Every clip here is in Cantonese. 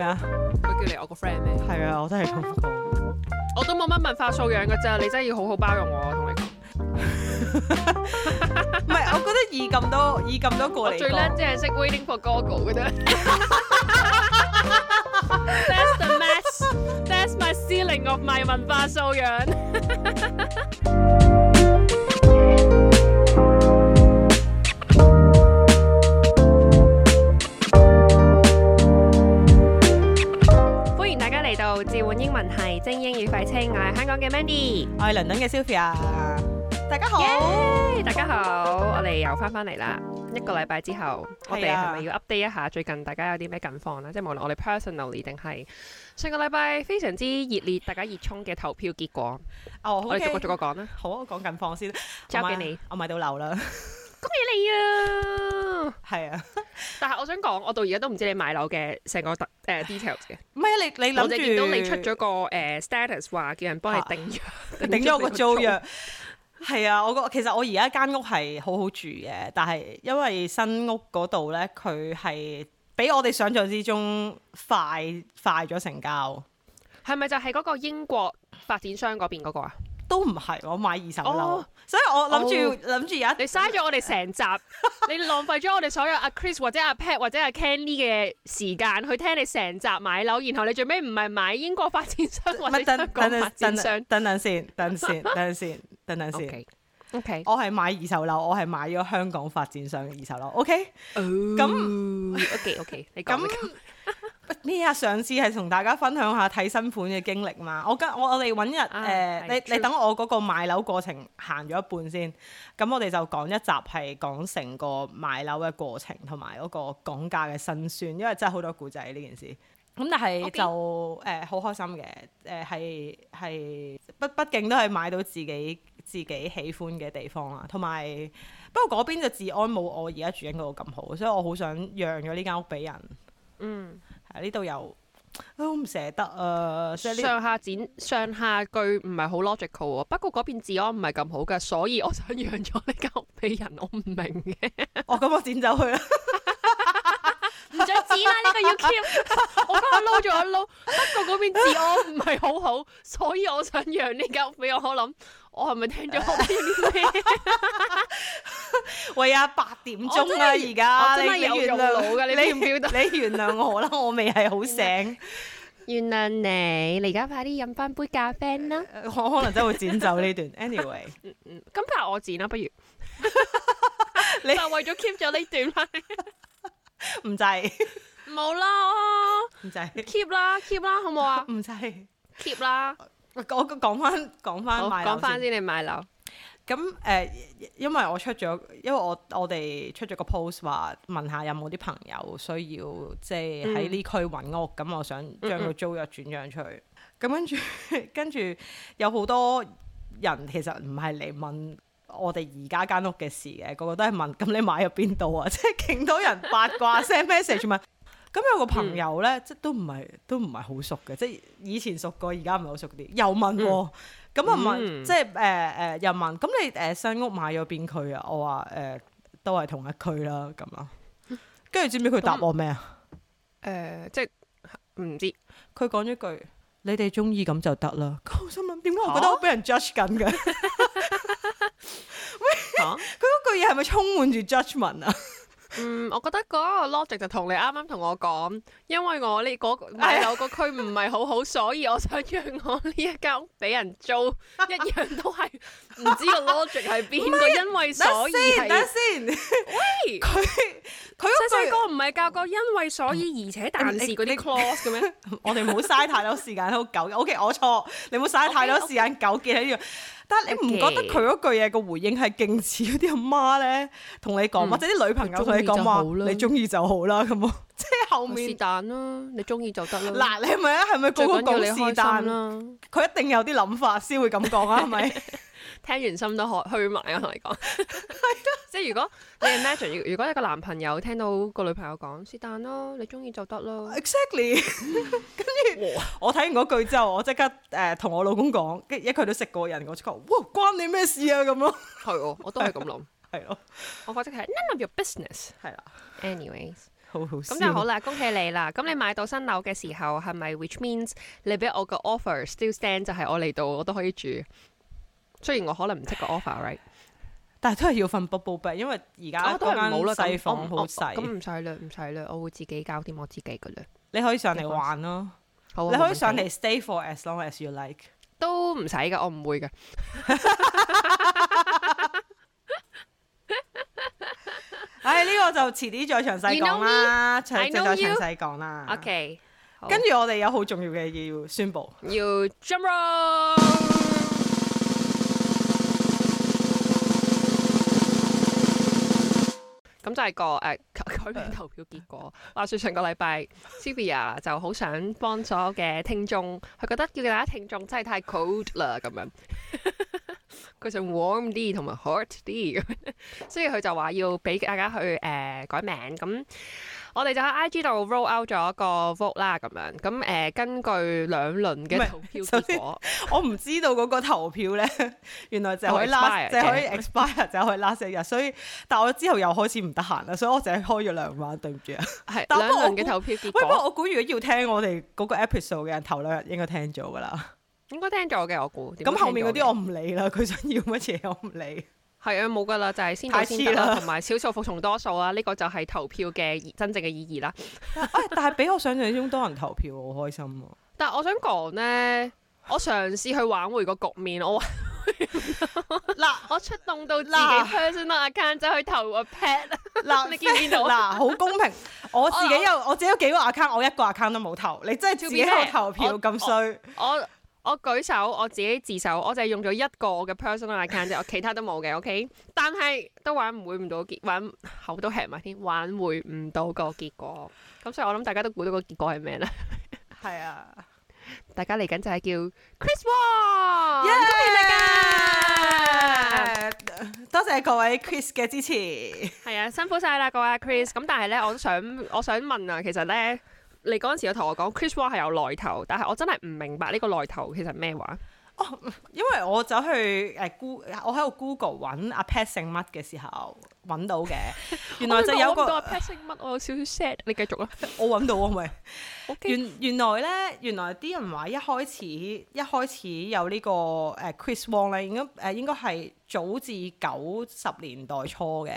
咩啊？佢叫你我個 friend 咩？係啊，我真係痛苦，我都冇乜文化素養噶咋，你真係要好好包容我，同你講。唔係，我覺得以咁多以咁多過嚟，我最叻即係識 waiting for Google 噶啫。That's the mess. That's my ceiling of my 文化素養。我係香港嘅 Mandy，我係倫敦嘅 Sylvia，大家好，大家好，我哋又翻翻嚟啦。 一個禮拜之後，啊、我哋係咪要 update 一下最近大家有啲咩近況咧？即係無論我哋 personally 定係上個禮拜非常之熱烈，大家熱衷嘅投票結果。 哦，我哋、okay、逐個逐個講啦。好，我講近況先交俾你。我買到樓啦。 恭喜你啊！係是啊， 但係我想講，我到而家都唔知你買樓嘅成個 details 嘅。唔係啊，你你諗住我淨見到你出咗個誒、呃、status 話叫人幫你訂咗，訂個、啊、租約。係 啊，我其實我而家間屋係好好住嘅，但係因為新屋嗰度咧，佢係比我哋想象之中快快咗成交。係咪就係嗰個英國發展商嗰邊嗰個啊？都唔係，我買二手樓，哦、所以我諗住諗住而家你嘥咗我哋成集，哦、你浪費咗我哋 所有阿、啊、Chris 或者阿、啊、Pat 或者阿、啊、Kenny 嘅時間去聽你成集買樓，然後你最尾唔係買英國發展商或者香港發展商，等等先，等先，等等先，等等先 ，OK，, okay. 我係買二手樓，我係買咗香港發展商嘅二手樓，OK，咁 OK，OK，你講。嗯 咩呀，上次係同大家分享下睇新款嘅經歷嘛。我跟我我哋揾日誒，你你等我嗰個買樓過程行咗一半先。咁我哋就講一集係講成個買樓嘅過程，同埋嗰個講價嘅辛酸。因為真係好多故仔呢件事。咁但係是 Okay. 就誒好、呃、開心嘅誒係係畢畢竟都係買到自己自己喜歡嘅地方啦。同埋不過嗰邊嘅治安冇我而家住緊嗰度咁好，所以我好想讓咗呢間屋俾人。嗯。呢度、啊、又都唔、啊、捨得啊！上下剪上下句唔係好 logical 不過嗰邊治安唔係咁好嘅，所以我就想養咗呢間屋企人。我唔明嘅。我 咁、 哦、我剪走佢啦。 唔想剪啦，呢、這個要 keep。我今日撈咗一撈，邊，我不過嗰邊治安唔係好好，所以我想讓呢間屋俾我諗，我係咪聽咗？啲咩？喂啊，八點鐘啦、啊，而家真，在我真有用你唔諒得？你，你，你原諒我啦，我未係好醒。 原諒你，你而家快啲飲翻杯咖啡啦。我可能真會剪走呢段，anyway。咁不如我剪啦，不如你就 為咗 keep 咗呢段。啦。 唔制，冇啦，啊，唔制，keep 啦，keep 啦，好冇啊，唔制，keep 啦。我講翻，講翻買樓先。講翻先，你買樓。咁誒，呃，因為我出咗，因為我我哋出咗個 post 話，問下有冇啲朋友需要，即係喺呢區揾屋，咁，嗯、我想將個租約轉讓，出去。咁，嗯嗯，跟住，跟住有好多人其實唔係嚟問。我哋而家間屋嘅事嘅，個個都係問，咁你買咗邊度啊？即係勁多人八卦聲 message 嘛。咁 有個朋友咧、嗯，即都唔係都唔係好熟嘅，即係以前熟個熟過，而家唔係好熟啲，又問。咁啊問，即係誒誒又問。咁你誒新屋買咗邊區啊？我話誒、呃、都係同一區啦。咁啊，跟住知唔知佢答我咩啊？誒、嗯嗯呃，即係唔知。佢講咗句：你哋中意咁就得啦。我心諗點解我覺得我俾人 judge 緊嘅？ 喂，佢嗰句嘢係咪充滿住 judgment 啊？是是 嗯，我覺得嗰個 logic 就同你啱啱同我講，因為我呢、嗰個買樓、嗰個區唔係好好，唉呦 所以我想讓我呢一間屋俾人租，一樣都係。 唔知個 logic 係邊個？因為所以係。等先，喂，佢佢嗰句細細個唔係教過因為所以，而且但是嗰啲 clause 嘅咩？我哋冇嘥太多時間喺度糾。O K，我錯，你冇嘥太多時間糾結喺呢度。但係你唔覺得佢嗰句嘢個回應係勁似嗰啲阿媽咧同你講嘛，或者啲女朋友同你講話，你中意就好啦。咁啊，即係後面是但啦，你中意就得啦。嗱，你係咪啊？係咪個個講是但啦？佢一定有啲諗法先會咁講啊？係咪？聽完心都可虛埋，啊。同你講，即係如果你 imagine 如果係個男朋友聽到個女朋友講是但咯，你中意就得咯。Exactly， 跟住我睇完嗰句之後，我即刻誒同、呃、我老公講，跟住一佢都識個人，我就覺哇關你咩事啊咁咯。係，我都係咁諗，係咯，我覺得係 None of your business。係啦，Anyways，好好。咁就好啦，恭喜你啦。咁你買到新樓嘅時候係咪？Which means 你俾我個 offer still stand 就係我嚟到我都可以住。雖然我可能唔識個 offer right，但係都係要瞓 bubble bed，因為而家都係冇啦，細房好細，咁唔使啦，唔使啦，我會自己搞掂我自己噶啦。你可以上嚟玩咯，好，你可以上嚟 stay for as long as you like，都唔使噶，我唔會噶。唉，呢個就遲啲再詳細講啦，再再詳細講啦。OK，跟住我哋有好重要嘅嘢要宣布，要 jump rope。咁就係個誒、呃、改名投票結果。話説上個禮拜 Sylvia 就好想幫所有嘅聽眾，佢覺得叫大家聽眾真係太 cold 啦，咁樣佢 想 warm 啲同埋 hot 啲， 所以佢就話要俾大家去誒、呃、改名。咁。我哋就喺 IG 度 roll out 咗一個 vote 啦，咁樣咁誒，根據兩輪嘅投票結果，我唔知道嗰個投票咧，原來淨係 last，淨係可以 last, To expire，淨係可以 last 四 日。所以，但我之後又開始唔得閒啦，所以我淨係開咗兩晚，對唔住啊。係是，但不過我估兩輪嘅投票結果，喂，不過我估如果要聽我哋嗰個 episode 嘅人，頭兩日應該聽咗㗎啦，應該聽咗嘅，我估。咁後面嗰啲我唔理啦，佢想要乜嘢我唔理。係啊，冇㗎啦，就係、是、先大先啦，同埋少數服從多數啊！呢 個就係投票嘅真正嘅意義啦、哎。但係比我想象中多人投票，好開心啊！ 但係我想講呢，我嘗試去挽回個局面，我 嗱啦 我出動到自己 page 先啦 account 走去投個 pad 嗱你見唔見到？嗱好公平， 我自己有我自己有幾個 account，我一個 account 都冇投。你真係自己喺度投票咁衰。麼我。我舉手，我自己自首，我就係用咗一個嘅 personal account 啫，其他都冇嘅，OK 但。但係都玩唔會唔到結，玩口都吃埋添，挽回唔到個結果。咁所以我諗大家都估到個結果係咩咧？係 啊，大家嚟緊就係叫 Chris Wong，耶！多謝各位 Chris 嘅支持，係 啊，辛苦晒啦，各位 Chris。咁但係咧，我都想我都想問啊，其實咧。你嗰陣時有同我講 Chris Wong 係有來頭，但係我真係唔明白呢個來頭其實咩話？哦，因為我走去誒 Google、呃、我喺度 Google 揾阿 Pat 姓乜嘅時候揾到嘅， 原來就有個 Pat 姓乜，我有少少 sad。 你繼續啦， 我揾到啊。係咪？Okay. 原原來咧，原來啲人話一開始一開始有呢、這個誒、呃、Chris Wong 咧，應該誒應該係早至九十年代初嘅，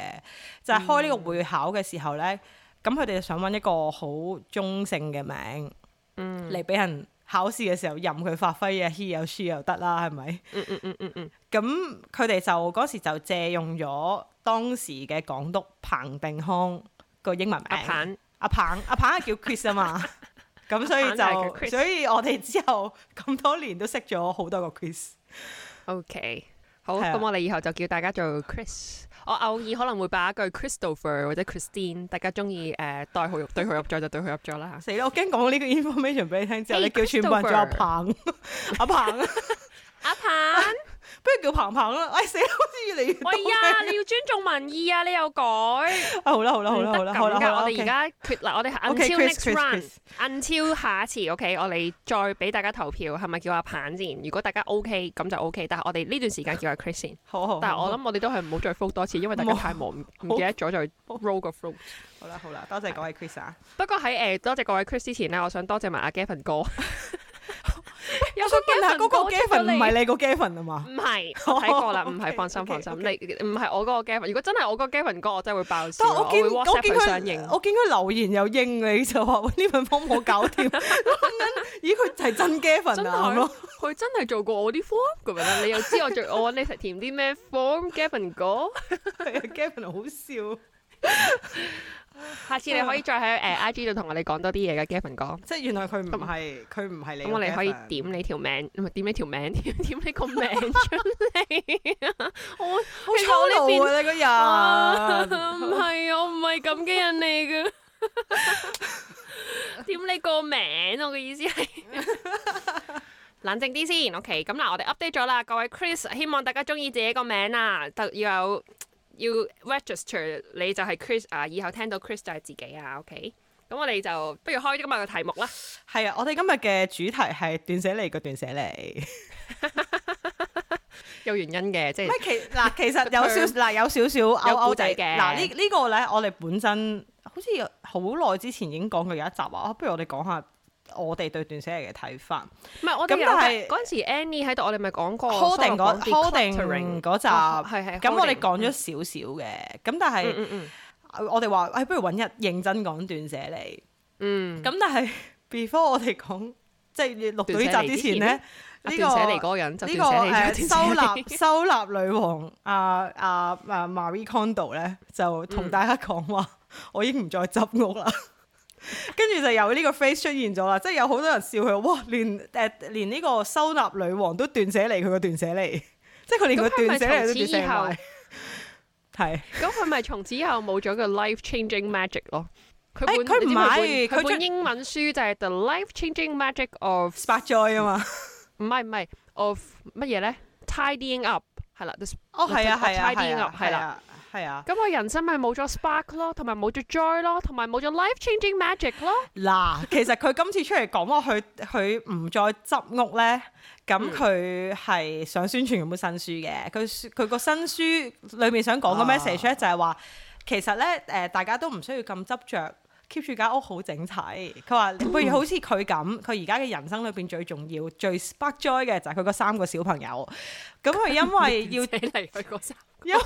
就係、是、開呢個會考嘅時候咧。嗯咁佢哋就想揾一個好中性嘅名，嗯，嚟俾人考試嘅時候任佢發揮嘅，he 又輸又得啦，係咪？嗯嗯嗯嗯嗯。咁佢哋就嗰時就借用咗當時嘅港督彭定康個英文名，阿彭阿，阿彭阿彭阿彭係叫 Chris 啊嘛。咁所以就，所以我哋之後咁多年都識咗好多個 Chris。OK，好，咁、啊、我哋以後就叫大家做 Chris。我偶爾可能會把一句 Christopher 或者 Christine，大家鍾意誒代號，對佢入對佢入咗就對佢入咗啦嚇。死啦！ 我驚講呢個 information 俾你聽之後，hey, Christopher. 你叫全部人做阿彭，阿彭，阿彭。不如叫彭彭啦！哎死啦，好似越嚟越喂呀，你要尊重民意啊！你又改？好啦好啦好啦好啦好啦，我哋而家決嗱，我哋暗超暗超下一次，OK，我哋再俾大家投票，係咪叫阿彭先？如果大家 OK，咁就 OK。但係我哋呢段時間叫阿 Chris 先。好，好，但係我諗我哋都係唔好再 fold 多次，因為大家太忙，唔記得咗再 Roll 個 Fold。好啦好啦，多謝各位 Chris 啊！不過喺誒多謝各位 Chris 之前咧，我想多謝埋阿 Gavin 哥。有個 Gavin，Gavin 唔係你個 Gavin 啊嘛？唔係，我睇過啦，唔係，放心放心，你唔係我嗰個 Gavin。如果真係我個 Gavin 哥，我真係會爆笑，我會 w h a 我見佢留言又應你，就話呢份方 o 我搞掂。咦，佢係真 Gavin 啊？佢真係做過我啲 form，咁樣你又知我做，我你嚟填啲咩 form？Gavin 哥，Gavin 好笑。下次你可以再喺誒 I G 度同我哋講多啲嘢嘅 Gavin 講，即係原來佢唔係佢唔係你咁，我哋可以點你條名，唔係點你條名，點你個名， 名出嚟 啊！好粗魯啊你個人，唔係我唔係咁嘅人嚟嘅，點你個名、啊？我嘅意思係 冷靜啲先。OK，咁嗱，我哋 update 咗啦，各位 Chris，希望大家中意自己個名啊，就要有。要 register，你就係 Chris 啊！以後聽到 Chris 就係自己啊，OK？咁我哋就不如開今日嘅題目啦。係啊，我哋今日嘅主題係斷捨離個斷捨離， 有原因嘅，即、就、係、是。唔其嗱，其實有少嗱， 有少少勾勾仔嘅嗱。這個這個、呢呢個咧，我哋本身好似好耐之前已經講過有一集啊，不如我哋講下。我哋對斷捨離嘅睇法，唔係我覺得係嗰陣時，Annie 喺度，我哋咪講過 calling 嗰 calling 嗰集，係係。咁我哋講咗少少嘅，咁但係，嗯嗯，我哋話，哎，不如揾日認真講斷捨離，嗯。咁但係，before 我哋講，即係錄到呢集之前咧，呢個斷捨離嗰個人，呢個收納收納女王，阿阿阿 Marie Kondo 咧，就同大家講話，我已經唔再執屋啦。跟住就有呢個 face 出現咗啦，即係有好多人笑佢，哇！連誒連呢個收納女王都斷捨離，佢個斷捨離，即係佢連個斷捨離都斷捨埋。係。咁佢咪從此以後冇咗個 life changing magic 咯？佢佢唔係佢本英文書就係 the life changing magic of Spark Joy 啊嘛，唔係唔係 of 乜嘢咧？tidying up 係啦，哦係啊，tidying up 係啦。係啊，咁我人生咪冇咗 spark 咯，同埋冇咗 joy 咯，同埋冇咗 life-changing magic 咯。嗱， 其實佢今次出嚟講話，佢佢唔再執屋咧，咁佢係想宣傳有本新書嘅。佢佢個新書裏面想講個 message 咧就係話，啊、其實咧誒，大家都唔需要咁執着。keep 住間屋好整齊，佢話不如好似佢咁，佢而家嘅人生裏邊最重要、 最 spark joy 嘅就係佢嗰三個小朋友。咁佢因為要嚟佢嗰三，因為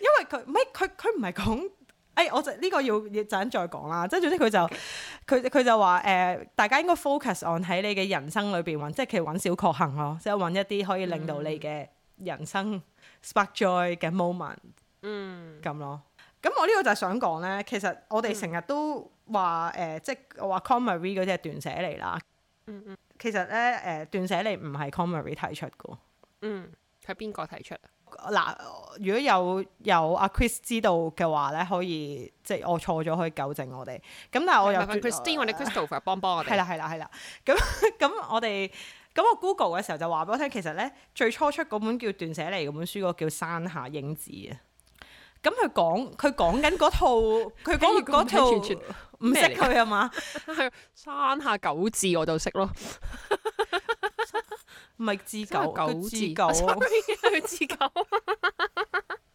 因為佢唔係佢佢唔係講，哎，我就呢、呢個要要陣再講啦。即係總之佢就佢、是、佢就話誒、呃，大家應該 focus on 喺你嘅人生裏邊揾，即係其實揾小確幸咯，即係揾一啲可以令到你嘅人生 spark joy 嘅 moment，嗯，咁、嗯、咯。咁我呢個就係想講咧，其實我哋成日都話誒，即、呃、係、就是、我話 Konmari 嗰啲斷捨離啦。嗯嗯，其實咧誒，斷捨離唔係 Konmari 提出噶。嗯，係邊個提出？嗱、嗯，如果有有阿、啊、Chris 知道嘅話咧，可以即係我錯咗，可以糾正我哋。咁但係我又 Kristine 或者 Christopher 幫幫我哋。係啦係啦係啦。咁咁 我哋咁我 Google 嘅時候就話俾我聽，其實咧最初出嗰本叫斷捨離嗰本書，個叫山下英子啊。咁佢講，佢講緊嗰套，佢講聽完嗰套唔套識佢係嘛？係山 下九字我就識咯，唔係九，九 字九，九字九。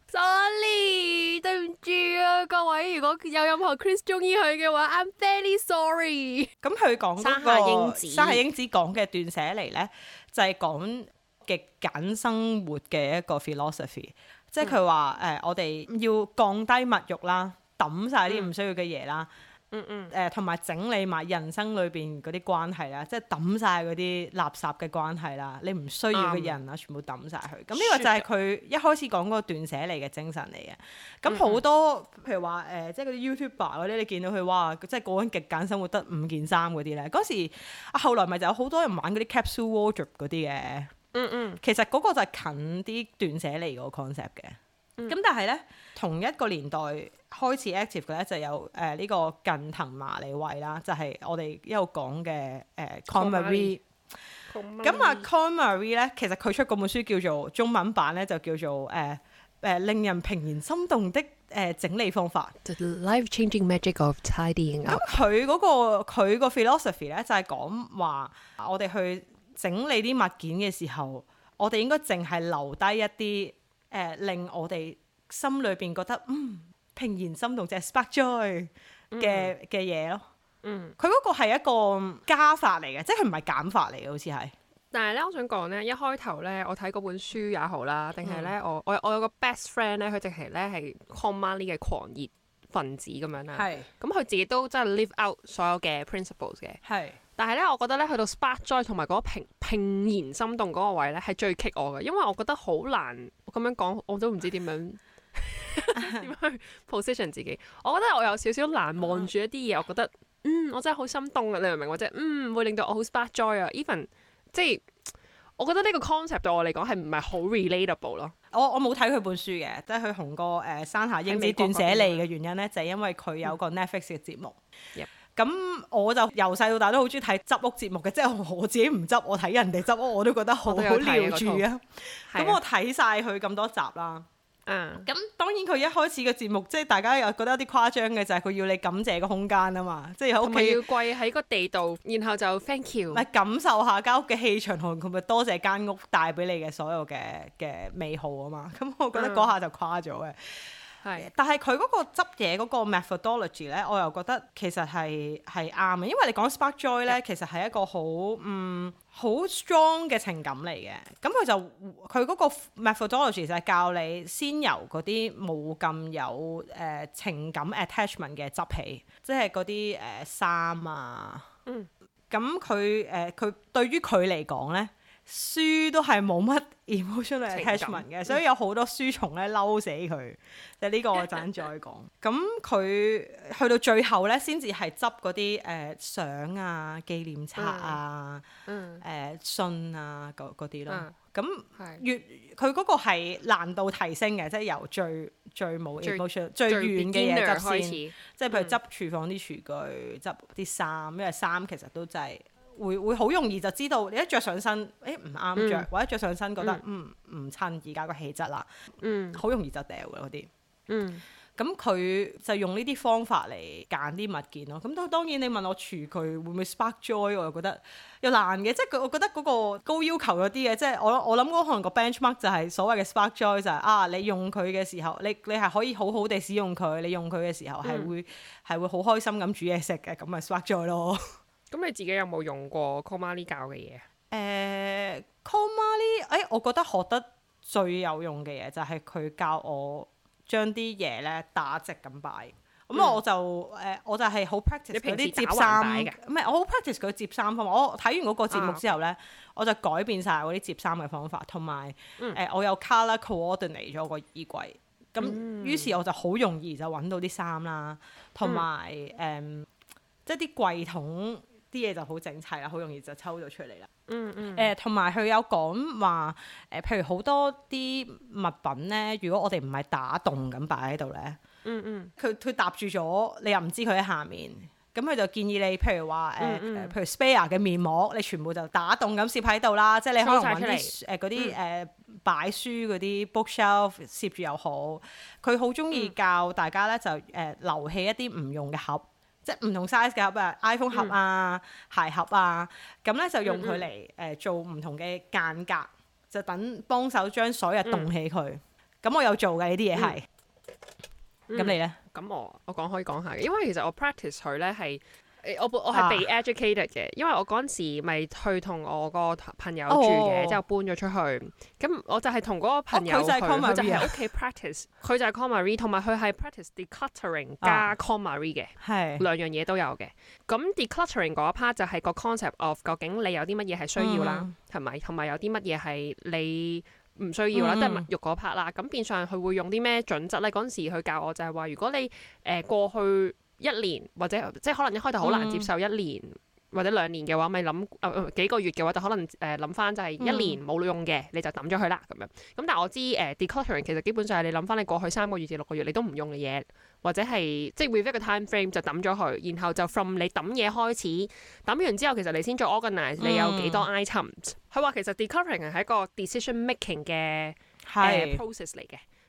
Sorry， 對唔住啊，各位，如果有任何 Chris 中意佢嘅話，I'm very sorry。咁佢講山下英子，山下英子講嘅斷捨離呢，就係、是、講極簡生活嘅一個 philosophy。即係佢話誒，我哋要降低物慾啦，抌晒啲唔需要嘅嘢啦，嗯、呃、嗯，誒同埋整理埋人生裏邊嗰啲關係啦，即係抌晒嗰啲垃圾嘅關係啦，你唔需要嘅人啊，全部抌晒佢。咁呢個就係佢一開始講嗰個斷捨離嘅精神嚟嘅。咁好多、嗯嗯、譬如話誒、呃，即係嗰啲 YouTuber 嗰啲，你見到佢哇，即係過緊極簡生活，得五件衫嗰啲咧。嗰時、啊、後來咪就有好多人玩嗰啲 Capsule Wardrobe 嗰啲嘅。嗯嗯，嗯其實嗰個就係近啲斷捨離個 concept 嘅，咁但係咧，同一個年代開始 active 嘅咧，就有誒呢、呃這個近藤麻理惠啦，就係、是、我哋一路講嘅 Konmari 誒。咁、呃、啊，Konmari 咧，其實佢出嗰本書叫做中文版咧，就叫做誒誒、呃、令人怦然心動的誒整理方法。The life-changing magic of tidying up. 咁佢嗰、那個佢個 philosophy 咧，就係、是、講話我哋去。整理啲物件嘅時候，我哋應該淨係留低一啲誒、呃，令我哋心裏邊覺得嗯怦然心動，即、就、係、是、spark joy 嘅嘅嘢咯。嗯，佢嗰個係一個加法嚟嘅，即係佢唔係減法嚟嘅，好似係。但係咧，我想講咧，一開頭咧，我睇嗰本書也好啦，定係咧，嗯、我我我有個 best friend 呢呢咧，佢直係咧係 Konmari 嘅狂熱分子咁樣啦。係是。咁佢自己都真係 live out 所有嘅 principles 嘅的。係是。但係咧，我覺得咧，去到 spark joy 同埋嗰個平怦然心動嗰個位咧，係最棘我嘅，因為我覺得好難。我咁樣講，我都唔知點樣點 去 position 自己。我覺得我有少少難望住一啲嘢，我覺得嗯，我真係好心動啊！你明唔明？或者嗯，會令到我好 spark joy 啊！Even 即係我覺得呢個 concept 對我嚟講係唔係好 relatable 咯？我我冇睇佢本書嘅，即係佢紅過誒山下英子、斷捨離嘅原因咧，就係、是、因為佢有個 Netflix 嘅節目。嗯嗯咁我就由細到大都好中意睇執屋節目嘅，即係我自己唔執，我睇人哋執屋我都覺得好撩住啊！咁我睇晒佢咁多集啦。啊，咁當然佢一開始嘅節目，即係大家又覺得有啲誇張嘅就係佢要你感謝個空間啊嘛，即係喺屋企要跪喺個地度，然後就 thank you。唔係感受下間屋嘅氣場同佢咪多謝間屋帶俾你嘅所有嘅嘅美好啊嘛！咁我覺得嗰下就誇咗嘅。嗯。係，但係佢嗰個執嘢嗰個 methodology 咧，我又覺得其實係係啱嘅，因為你講 Spark Joy 咧，的其實係一個好嗯好 strong 嘅情感嚟嘅。咁佢就佢嗰個 methodology 就係教你先由嗰啲冇咁有誒、呃、情感 attachment 嘅執起，即係嗰啲誒衫啊。嗯。咁佢誒佢對於佢嚟講咧。書都係冇乜 emotional attachment 嘅，感所以有好多書蟲咧嬲死佢。即係呢個我陣再講。咁佢 去到最後咧，先至係執嗰啲誒相啊、紀念冊啊、誒、嗯呃、信啊嗰啲咯。咁、嗯、越佢嗰個係難度提升嘅，即、就、係、是、由最最冇 emotional、最, emotional, 最,最遠嘅嘢執先，始即係譬如執廚房啲廚具、執啲衫，因為衫其實都真係。會會好容易就知道你一着上身，誒唔啱着；嗯、或者着上身覺得唔唔襯而家個氣質啦，嗯，好容易就掉嘅嗰啲，嗯，咁佢就用呢啲方法嚟揀啲物件咯。咁都當然你問我廚具會唔會 spark joy，我又覺得又難嘅，即係佢我覺得嗰個高要求嗰啲嘅，即係我我諗嗰可能個 benchmark 就係所謂嘅 spark joy 就係啊，你用佢嘅時候，你你係可以好好地使用佢，你用佢嘅時候係會係、嗯、會好開心咁煮嘢食嘅，咁咪 spark joy 咯。咁你自己有冇用過 Konmari 教嘅嘢？誒 Konmari，誒我覺得學得最有用嘅嘢就係佢教我將啲嘢咧打直咁擺。咁、嗯、我就誒、呃，我就係好 practice 嗰啲摺衫嘅。唔係，我好 practice 佢摺衫方法。我睇完嗰個節目之後咧，啊、我就改變晒我啲摺衫嘅方法，同埋誒我有 color coordinate 咗個衣櫃。咁、嗯、於是，我就好容易就揾到啲衫啦，同埋誒即係啲櫃桶。啲嘢就好整齊啦，好容易就抽咗出嚟啦。嗯嗯。誒，同埋佢有講話誒，譬如好多啲物品咧，如果我哋唔係打洞咁擺喺度咧，嗯嗯。佢佢搭住咗，你又唔知佢喺下面。咁佢就建議你，譬如話誒譬如 spare 嘅面膜，你全部就打洞咁攝喺度啦。即係你可能揾啲誒嗰啲誒擺書嗰啲 bookshelf 攝住又好。佢好中意教大家咧，就誒留起一啲唔用嘅盒。即係唔同 size 嘅盒啊，iPhone 盒啊、嗯、鞋盒啊，咁咧、嗯、就用佢嚟誒做唔同嘅間隔，嗯、就等幫手將所有嘢凍起佢。咁、嗯、我有做嘅、嗯、呢啲嘢係。咁你咧？咁我我講可以講下嘅，因為其實我 practice 佢咧係。我我係被 educated 嘅，因為我嗰陣時咪去同我，朋、oh. 去我個朋友住嘅，之後搬咗出去。咁我、oh, 就係同嗰個朋友，佢就佢就喺屋企 practice，佢就係 Konmari，同埋佢係 practice decluttering 加 Konmari 嘅，係、oh. 兩樣嘢都有嘅。咁是 decluttering 嗰 part 就係個 concept of 究竟你有啲乜嘢係需要啦，係咪、mm.？同埋有啲乜嘢係你唔需要啦，mm. 即係物欲嗰 part 啦。咁變相佢會用啲咩準則咧？嗰陣時佢教我就係話，如果你誒、呃、過去。一年或者即係可能一開頭好難接受一年、嗯、或者兩年嘅話，咪諗啊幾個月嘅話，就可能誒諗翻就係一年冇用嘅，你就抌咗佢啦咁樣。咁但係我知誒、uh, discarding 其實基本上係你諗翻你過去三個月至六個月你都唔用嘅嘢，或者係即係 with a time frame 就抌咗佢，然後就 from 你抌嘢開始，抌完之後其實你先再 organize 你有幾多 items。佢話、嗯、其實 discarding 係一個 decision making 嘅是、uh, process 嚟嘅。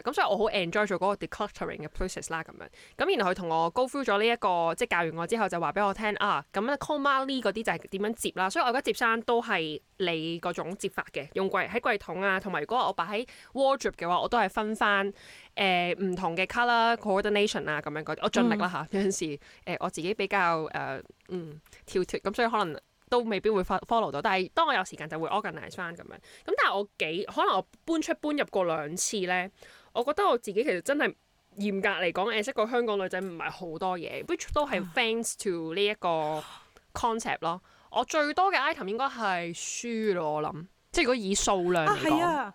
咁、嗯，所以我好 enjoy 做嗰個 decluttering 嘅 process 啦。咁樣咁，然後佢同我 go through 咗呢一個，即係教完我之後就話俾我聽啊。咁咧 Konmari 呢嗰啲就係點樣接啦。所以我而家接衫都係你嗰種接法嘅，用櫃喺櫃桶啊，同埋如果我擺喺 wardrobe 嘅話，我都係分翻誒唔同嘅 color coordination 啊，咁樣嗰啲。我盡力啦嚇，有陣、嗯、時誒、呃、我自己比較誒、呃、嗯跳脱，咁、嗯、所以可能都未必會 follow fo 到。但係當我有時間就會 organize 翻咁樣。咁但係我幾可能我搬出搬入過兩次咧。呢我覺得我自己其實真係嚴格嚟講，認識過香港女仔唔係好多嘢，which、嗯、都係 thanks to 呢一個 concept 咯、嗯。我最多嘅 item 應該係書咯，我諗，即係如果以數量嚟講。啊係啊，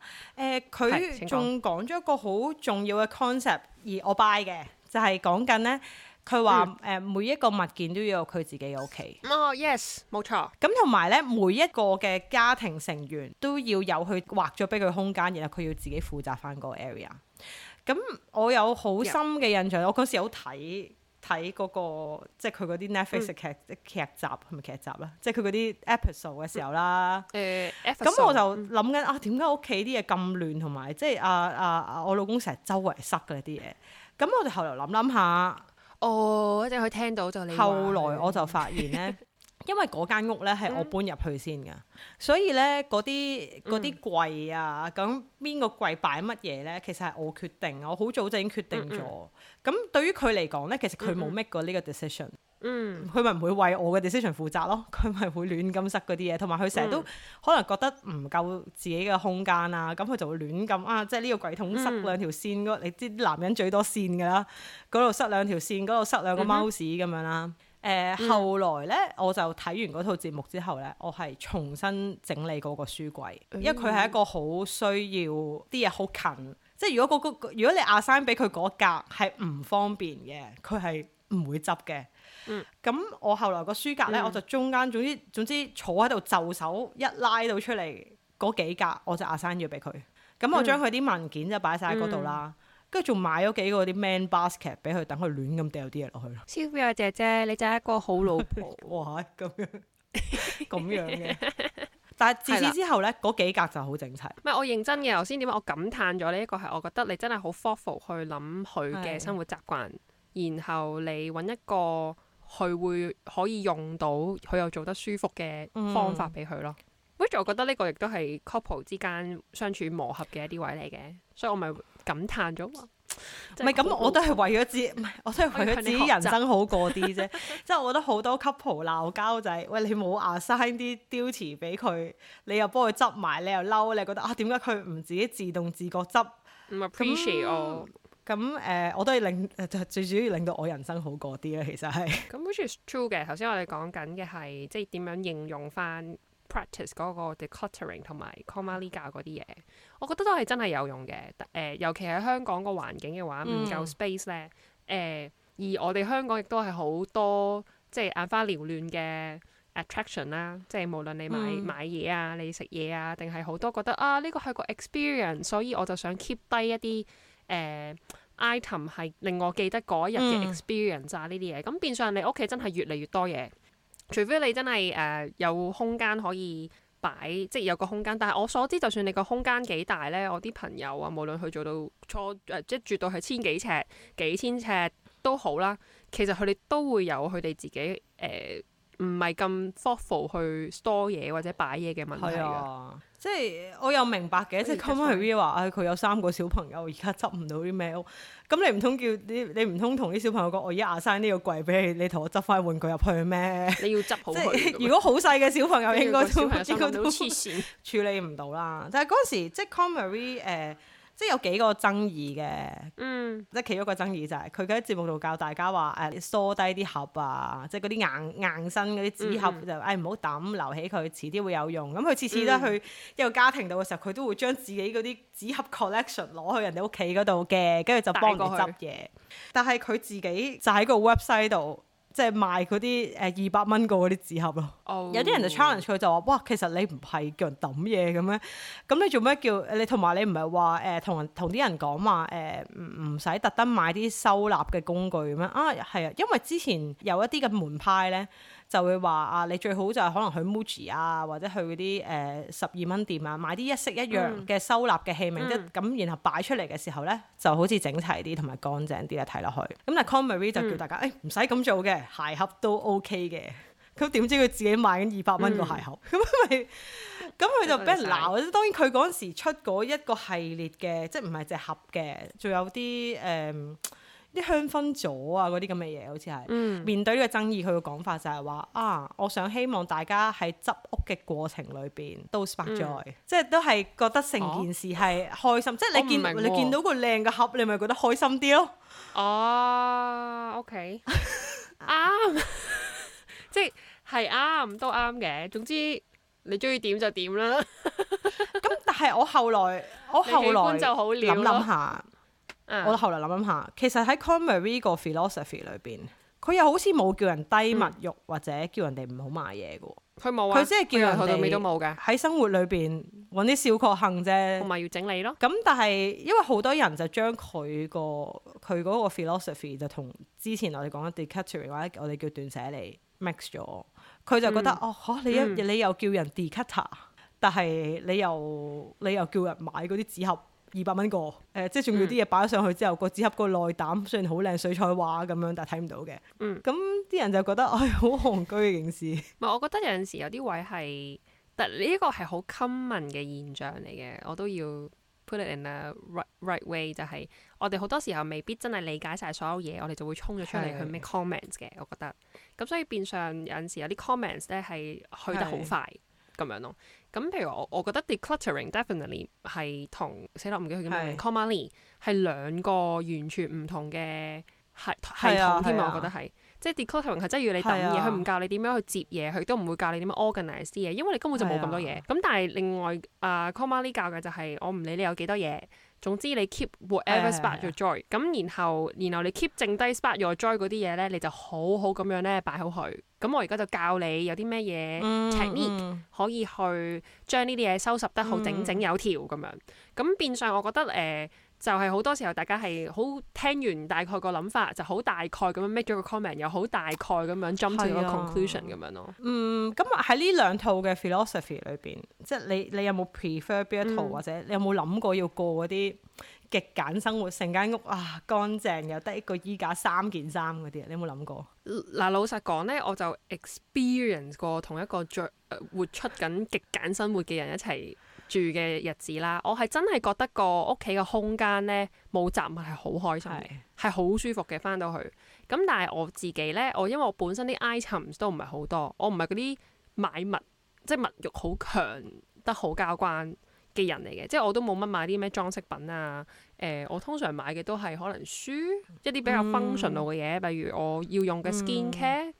誒佢仲講咗一個好重要嘅 concept，而我 buy 嘅就係講緊咧，佢話誒每一個物件都要有佢自己嘅屋企。哦 yes，冇錯。咁同埋咧，每一個嘅家庭成員都要有佢劃咗俾佢空間，然後佢要自己負責返個 area。咁我有好深嘅印象，嗯、我嗰時有睇睇嗰個即係佢嗰啲 Netflix 嘅劇劇集，係咪劇集啦？即係佢嗰啲 episode 嘅時候啦。誒、嗯、咁、嗯、我就諗緊、嗯、啊，點解屋企啲嘢咁亂，同埋即係啊啊！我老公成日周圍塞嘅啲嘢。咁我哋後嚟諗諗下，哦，一陣佢聽到就。後來我就發現呢。 因為嗰間屋咧係我搬入去先㗎，嗯、所以咧嗰啲啲櫃啊，咁邊個櫃擺乜嘢咧，其實係我決定，我好早就已經決定咗。咁、嗯嗯嗯、對於佢嚟講咧，其實佢冇 make 過呢個 decision。嗯，嗯，佢咪唔會為我嘅 decision 負責咯？佢咪會亂咁塞嗰啲嘢，同埋佢成日都可能覺得唔夠自己嘅空間啊，咁佢就會亂咁啊，即係呢個櫃桶塞兩條線嗰，嗯、你知男人最多線㗎啦，嗰度塞兩條線，嗰度塞兩個 mouse 咁樣啦。誒、呃嗯、後來咧，我就睇完嗰套節目之後咧，我係重新整理嗰個書櫃，哎、呀因為佢係一個好需要啲嘢好近，即係如果嗰、那個如果你 assign 俾佢嗰格係唔方便嘅，佢係唔會執嘅。嗯，咁我後來個書格咧，我就中間，總之總之坐喺度就手一拉到出嚟嗰幾格，我就 assign 咗俾佢。咁我將佢啲文件就擺曬喺嗰度啦。嗯嗯跟住仲買咗幾個啲 man basket 俾佢，等佢亂咁掉啲嘢落去咯。Sylvia 姐姐，你就係一個好老婆。哇，咁樣咁 樣嘅。但係自此之後咧，嗰 幾格就好整齊。唔係，我認真嘅。頭先點解我感嘆咗呢一個係，我覺得你真係好 follow 去諗佢嘅生活習慣，的然後你揾一個佢會可以用到，佢又做得舒服嘅方法俾佢咯。嗯 which 我覺得呢個亦都係 couple 之間相處磨合嘅一啲位嚟嘅，所以我咪感嘆咗。唔係咁，我都係為咗自己，我都係為咗自己人生好過啲啫。即係 我覺得好多 couple 鬧交仔，喂你冇 assign 啲 duty 俾佢，你又幫佢執埋，你又嬲，你覺得啊點解佢唔自己自動自覺執？唔 appreciate 我。咁誒樣、嗯呃，我都係令、呃、最主要令到我人生好過啲啦。其實係。咁 which is true 嘅，頭先我哋講緊嘅係即係點樣應用翻。Practice 嗰個 decluttering 同埋 KonMari 嗰啲嘢，我覺得都係真係有用嘅。誒、呃，尤其喺香港個環境嘅話，唔、嗯、夠 space 咧。誒，而我哋香港亦都係好多即係眼花撩亂嘅 attraction 啦。即係無論你買、嗯、買嘢啊，你食嘢啊，定係好多覺得啊，呢個係個 experience。所以我就想 keep 低一啲誒、呃、item 係令我記得嗰一日嘅 experience 啊，呢啲嘢。咁變相你屋企真係越嚟越多嘢。除非你真係誒、呃、有空間可以擺，即係有個空間。但係我所知，就算你個空間幾大咧，我啲朋友啊，無論佢做到錯誒、呃，即係住到係千幾尺、幾千尺都好啦，其實佢哋都會有佢哋自己誒，唔係咁 full 去 store 嘢或者擺嘢嘅問題㗎。即係我又明白嘅，即係 Konmari 話，唉，佢、哎、有三個小朋友，而家執唔到啲咩屋。咁你唔通叫啲？你唔通同啲小朋友講，我依啊，生呢個櫃俾你，你同我執翻玩具入去咩？你要執好。 即係如果好細嘅小朋友應該都，都應該都黐線處理唔到啦。但係嗰時即係 Konmari 誒。是即係有幾個爭議嘅，即係、嗯、其中一個爭議就係佢喺節目度教大家話、哎、你梳低啲盒啊，即係嗰啲硬硬身嗰啲紙盒就誒唔好抌，留起佢，遲啲會有用。咁、嗯、佢次次都去一個家庭度嘅時候，佢都會將自己嗰啲紙盒 collection 攞去人哋屋企嗰度嘅，跟住就幫佢執嘢。但係佢自己就喺個 website 度。即係賣嗰啲誒二百蚊個嗰啲紙盒咯，oh. 有啲人就 challenge 佢就話：哇，其實你唔係叫人抌嘢咁咩？咁你做咩叫你同埋你唔係話誒同人同啲人講話誒唔唔使特登買啲收納嘅工具咩？啊，係啊，因為之前有一啲嘅門派咧，就會話啊，你最好就係可能去 Muji 啊，或者去嗰啲誒十二蚊店啊，買啲一式一,一樣嘅收納嘅器皿，即咁、嗯就係、然後擺出嚟嘅時候咧，就好似整齊啲同埋乾淨啲咧睇落去。咁但係 Konmari 就叫大家誒唔使咁做嘅鞋盒都 OK 嘅。咁 點知佢自己買緊二百蚊個鞋盒，咁咪咁佢就俾人鬧。嗯、 當然佢嗰時出過一個系列嘅，即係唔係隻盒嘅，仲有啲誒。嗯啲香薰咗啊！嗰啲咁嘅嘢，好似係、嗯、面對呢個爭議，佢個講法就係、是、話啊，我想希望大家喺執屋嘅過程裏邊都 positive、嗯、即係都係覺得成件事係開心。哦、即係你見你見到，你見到個靚嘅盒，你咪覺得開心啲咯。哦，OK，啱， 即係係啱都啱嘅。總之你中意點就點啦。咁、 嗯、但係我後來我後來諗諗下。Uh, 我後嚟諗諗下，其實喺 Konmari 個 philosophy 裏邊，佢又好似冇叫人低物慾、嗯、或者叫人哋唔好買嘢嘅。佢冇啊，佢真係叫人都冇嘅。喺生活裏邊揾啲小確幸啫，同埋要整理咯。咁但係因為好多人就將佢個佢嗰個 philosophy 就同之前我哋講嘅 decluttering 或者我哋叫斷捨離 mix 咗，佢就覺得、嗯、哦嚇你一你又叫人 declutter、嗯、但係你又你又叫人買嗰啲紙盒。二百蚊個，誒、呃、即係仲要啲嘢擺咗上去之後，個紙、嗯、盒個內膽雖然好靚水彩畫咁樣，但係睇唔到嘅。嗯，咁啲人就覺得，唉、哎，好戇居嘅件事。唔係，我覺得有陣時有啲位係，但呢個係好 common 嘅現象嚟嘅。我都要 put it in a right, right way，就係我哋好多時候未必真係理解晒所有嘢，我哋就會衝咗出嚟去 make comments 嘅是的。我覺得，咁所以變相有陣時有啲 comments 咧係去得好快咁的樣咯。咁譬如我我覺得 decluttering definitely 係同死啦唔記得佢叫咩名 Konmari 係兩個完全唔同嘅係系統添。嘛、啊，我覺得係，啊、即係 decluttering 係真係要你抌嘢，佢唔、啊、教你點樣去接嘢，佢都唔會教你點樣 organize 啲嘢，因為你根本就冇咁多嘢。咁、啊、但係另外啊 Konmari 教嘅就係、是、我唔理你有幾多嘢。總之，你 keep whatever spark your joy 咁、嗯，然後然後你 keep 剩低 spark your joy 嗰啲嘢咧，你就好好咁樣咧擺好佢。咁我而家就教你有啲咩嘢 technique、嗯嗯、可以去將呢啲嘢收拾得好、嗯、整整有條咁樣。咁變相我覺得誒。呃就係好多時候，大家係好聽完大概個諗法，就好大概咁樣 make 咗個 comment，又好大概咁樣 jump to 個 conclusion 咁樣咯。嗯，咁喺呢兩套嘅 philosophy 裏邊，即係你你有冇 prefer 邊一套，或者你有冇諗過要過嗰啲極簡生活，成間屋啊乾淨又得一個衣架三件衫嗰啲啊？你有冇諗過？嗱老實講咧，我就 experience 過同一個最、呃、活出緊極簡生活嘅人一齊。住嘅日子啦，我係真係覺得個屋企嘅空間呢，冇雜物係好開心，係好的舒服嘅。翻到去咁，但係我自己呢，我因為我本身啲 item 都唔係好多，我唔係嗰啲買物即物欲好強得好交關嘅人嚟嘅，即係我都冇乜買啲咩裝飾品啊。誒、呃，我通常買嘅都係可能書一啲比較 functional 嘅嘢，例、嗯、如我要用嘅 skin care、嗯、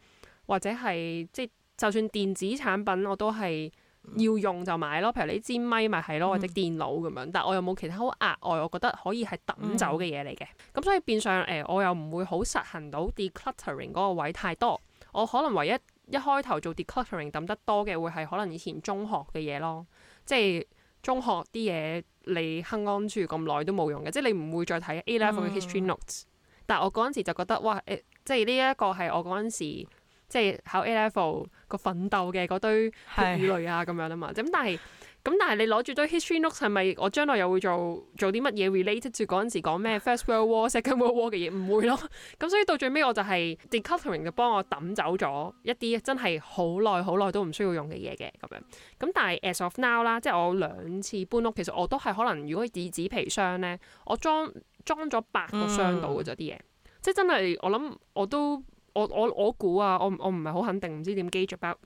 或者係即係就算電子產品我都係。要用就買咯，譬如你支咪咪係咯，或者電腦咁樣，嗯、但我又冇其他好額外，我覺得可以係抌走嘅嘢嚟嘅。咁、嗯、所以變相誒、呃，我又唔會好實行到 decluttering 嗰個位太多。我可能唯一一開頭做 decluttering 抌得多嘅會係可能以前中學嘅嘢咯，即係中學啲嘢你哼安住咁耐都冇用嘅，嗯、即係你唔會再睇 A level 嘅 history notes、嗯。但係我嗰陣時就覺得哇、欸，即係呢一個係我嗰陣時。即係考 A level 個奮鬥嘅嗰堆語類啊咁是樣啊嘛，咁但係咁但係你攞住堆 history notes 係咪我將來又會做做啲乜嘢 related 住嗰陣時講咩 First World War、Second World War 嘅嘢？唔 會咯。咁所以到最尾我就係 Decluttering 就幫我抌走咗一啲真係好耐好耐都唔需要用嘅嘢嘅咁樣。咁但係 as of now 啦，即係我兩次搬屋，其實我都係可能如果以紙皮箱咧，我裝裝咗八個箱度嘅啫啲嘢。嗯、即係真係我諗我都。我我我估啊，我我唔係好肯定，唔知點計住。包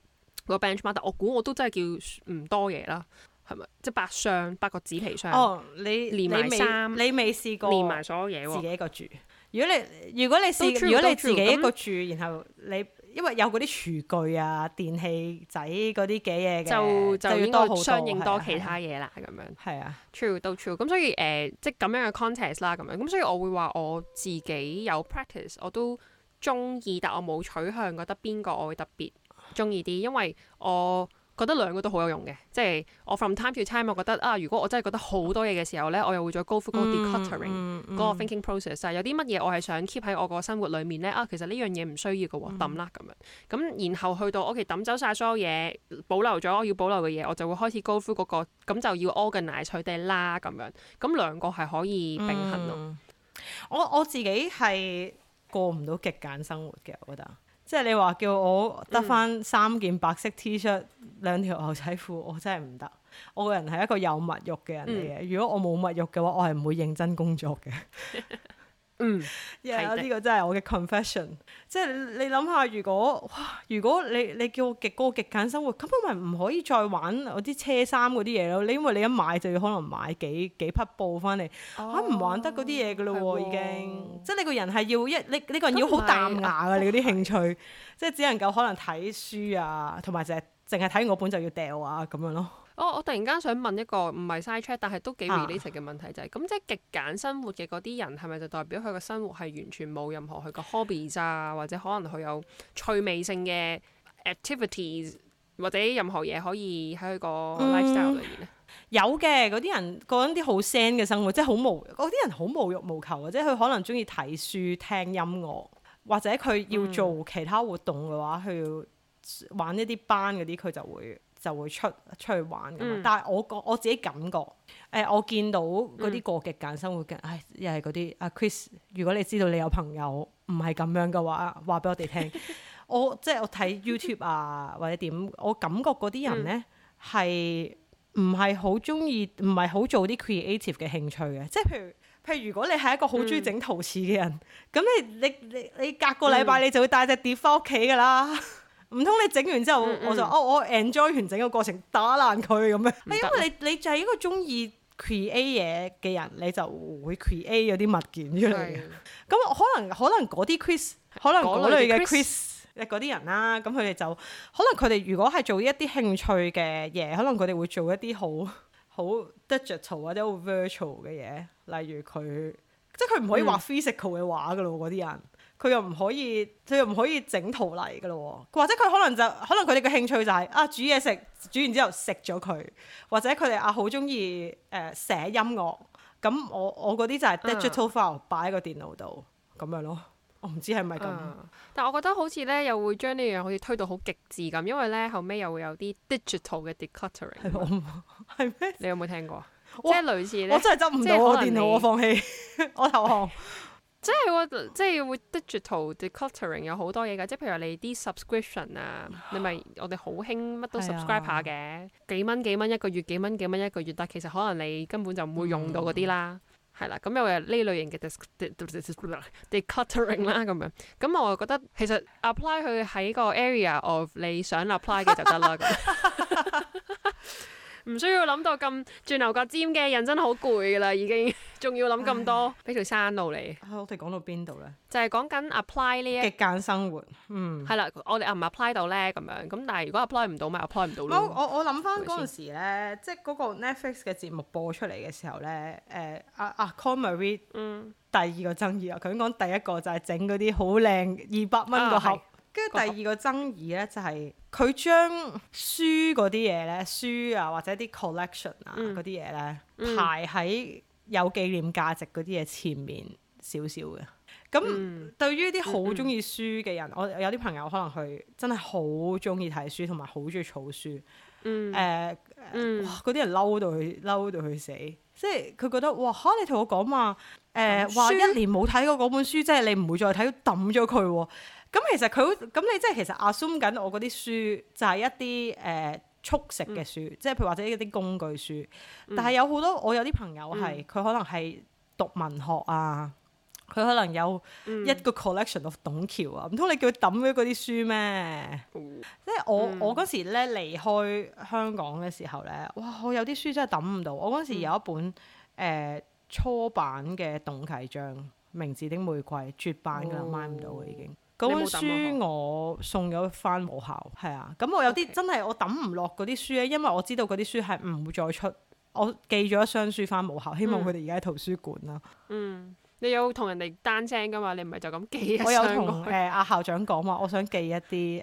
個 benchmark 我估我都真係叫唔多嘢啦，係咪？即係百箱百個紙皮箱。哦，你連埋衫，你未試過連埋所有嘢喎。自己一個住，如果你如果你試，都 true，如果你自己一個住，true，然後你因為有嗰啲廚具啊、電器仔嗰啲嘅嘢嘅，就要多好多，相應多其他嘢啦，咁、嗯、樣。係啊，true 都 true。咁所以誒、呃，即係咁樣嘅 context 啦，咁樣。咁所以我會話我自己有 practice，我都。中意，但我冇取向，覺得邊個我會特別中意啲，因為我覺得兩個都好有用嘅。即係我 from time to time，我覺得啊，如果我真係覺得好多嘢嘅時候咧，我又會再 go through 嗰啲 decluttering 嗰個 thinking process、嗯啊、有啲乜嘢我係想 keep 喺我個生活裡面咧啊，其實呢樣嘢唔需要嘅喎，抌啦咁樣。咁然後去到屋企抌走晒所有嘢，保留咗我要保留嘅嘢，我就會開始 go through 嗰個，咁就要 organize 佢哋啦咁樣。咁兩個係可以並行咯。我我自己係。過唔到極簡生活嘅，我覺得，即係你話叫我得返三件白色 T-shirt、嗯、兩條牛仔褲，我真係唔得。我個人係一個有物欲嘅人嚟嘅，嗯、如果我冇物欲嘅話，我係唔會認真工作嘅。 嗯，又呢 Yeah, 的個真係我嘅 confession。即、就、係、是、你諗下，如果哇，如果你你叫我極高極簡生活，根本咪唔可以再玩我啲車衫嗰啲嘢咯？你因為你一買就要可能買幾幾匹布翻嚟吓，唔、哦啊、玩得嗰啲嘢㗎咯喎，已經的即係你個人係要一你呢個人要好淡雅嘅、啊、你嗰啲興趣， 即係只能夠可能睇書啊，同埋淨係淨係睇完我本就要掉啊咁樣咯。我、oh, 我突然間想問一個唔係 side chat，但係都幾 relate 嘅問題，啊、就係咁即係極簡生活嘅嗰啲人，係咪就代表佢個生活係完全冇任何佢個 hobbies 啊，或者可能佢有趣味性嘅 activities，或者任何嘢可以喺佢個 lifestyle 裏面咧、嗯？有嘅嗰啲人過緊啲好 sad 嘅生活，即係好無嗰啲人好無欲無求嘅，即係佢可能鍾意睇書、聽音樂，或者佢要做其他活動嘅話，佢、嗯、要玩一啲班嗰啲，佢就會。就會出出去玩咁，嗯、但係我個我自己感覺，誒、呃，我見到嗰啲過極簡生活嘅，嗯、唉，又係嗰啲阿 Chris。如果你知道你有朋友唔係咁樣嘅話，話俾我哋聽。 我即係我睇 YouTube 啊，或者點，我感覺嗰啲人咧係唔係好中意，唔係好做啲 creative 嘅興趣嘅。即係譬，譬如，譬如如果你係一個好中意整陶瓷嘅人，咁、嗯、你你你你隔個禮拜你就會帶隻碟返屋企㗎啦。唔通你整完之後，嗯嗯我就哦，我 enjoy 完整個過程，打爛佢咁樣。係不行 因為你你就係一個中意 create 嘢嘅人，你就會 create 有啲物件出嚟嘅。咁對 可能可能嗰啲 Chris，可能嗰類嘅 Chris，嗰啲人啦，咁佢哋就可能佢哋如果係做一啲興趣嘅嘢，可能佢哋、啊、會做一啲好好 digital 或者好 virtual 嘅嘢。例如佢，即係佢唔可以畫 physical 嘅畫噶咯，嗰啲、嗯、人。佢又唔可以，佢又唔可以整陶泥噶咯。或者佢可能就，可能佢哋嘅興趣就係、是、啊煮嘢食，煮完之後食咗佢。或者佢哋啊好中意誒寫音樂。咁、啊、我我嗰啲就係 digital file 擺喺個電腦度咁樣咯。我唔知係咪咁。但係我覺得好似咧又會將呢樣好似推到好極致咁，因為咧後尾又會有啲 digital 嘅 decluttering。係咩？你有冇聽過？哇即係類似咧。我真係執唔到我電腦，我放棄，我投降。 即係，即係會 digital decluttering 有好多嘢噶，即係譬如你啲 subscription 啊，你咪我哋好興乜都 subscribe 下嘅，幾蚊幾蚊一個月，幾蚊幾蚊一個月，但係其實可能你根本就唔會用到嗰啲啦，係啦，咁又係呢類型嘅 decluttering 啦，咁樣，咁我覺得其實 apply 去喺個 area of 你想 apply 嘅就得啦。唔需要諗到咁轉牛角尖嘅，人真好攰噶啦，已經仲要諗咁多，俾唉條生路你。我哋講到邊度咧？就係講緊 apply 呢一個極簡生活。嗯。係啦，我哋係唔 apply 到咧咁樣？咁但係如果 apply 唔到咪 apply 唔到咯。我我我諗翻嗰陣時咧，即係嗰個 Netflix 嘅節目播出嚟嘅時候咧，誒阿阿 Konmari 第二個爭議啊，佢想講第一個就係整嗰啲好靚二百蚊個盒。啊跟住第二個爭議咧，就係佢將書嗰啲嘢咧，書啊或者啲 collection 啊嗰啲嘢咧，呢嗯、排喺有紀念價值嗰啲嘢前面少少嘅。咁、嗯、對於啲好中意書嘅人，嗯嗯、我有啲朋友可能佢真係好中意睇書，同埋好中意儲書。誒，嗰啲人嬲到佢嬲到佢死，即係佢覺得哇！嚇、啊、你同我講嘛？誒、呃，話、嗯、書？一年冇睇過嗰本書，即係你唔會再睇，抌咗佢喎。咁、嗯嗯、其實佢咁你即係其實 assume 緊我嗰啲書就係一啲誒、呃、速食嘅書，即係、嗯、譬如或者一啲工具書。嗯、但係有好多我有啲朋友係佢、嗯、可能係讀文學啊，佢可能有一個 collection of 董橋啊，唔通你叫佢抌咗嗰啲書咩？嗯、即係我、嗯、我嗰時咧離開香港嘅時候咧，哇！我有啲書真係抌唔到。我嗰時有一本誒、嗯呃、初版嘅董啟章《名字的玫瑰》絕版㗎啦，買唔到嘅已經。哦哦嗰本書我送咗翻母校，係啊，咁我有啲真係我抌唔落嗰啲書咧，因為我知道嗰啲書係唔會再出，我寄咗一箱書翻母校，希望佢哋而家喺圖書館啦。嗯，你有同人哋單聲噶嘛？你唔係就咁寄一箱。我有同誒阿校長講話，我想寄一啲誒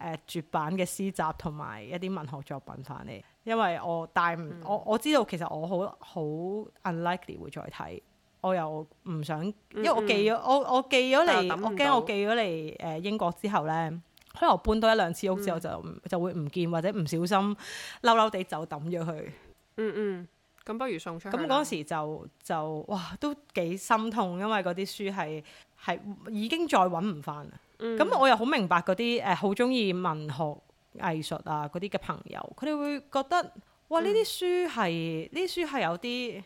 誒絕版嘅詩集同埋一啲文學作品翻嚟，因為我但係、嗯、我我知道其實我好好 unlikely 會再睇。我又唔想，因為我寄咗、嗯嗯、我我寄咗嚟，我驚我寄咗嚟誒英國之後咧，可能我搬多一兩次屋之後就就會唔見或者唔小心嬲嬲地就抌咗佢。嗯嗯，咁、嗯、不如送出去。咁嗰時就就哇都幾心痛，因為嗰啲書係係已經再揾唔翻。咁我又好明白嗰啲誒好中意文學藝術啊嗰啲嘅朋友，佢哋會覺得哇呢啲書係呢啲書係有啲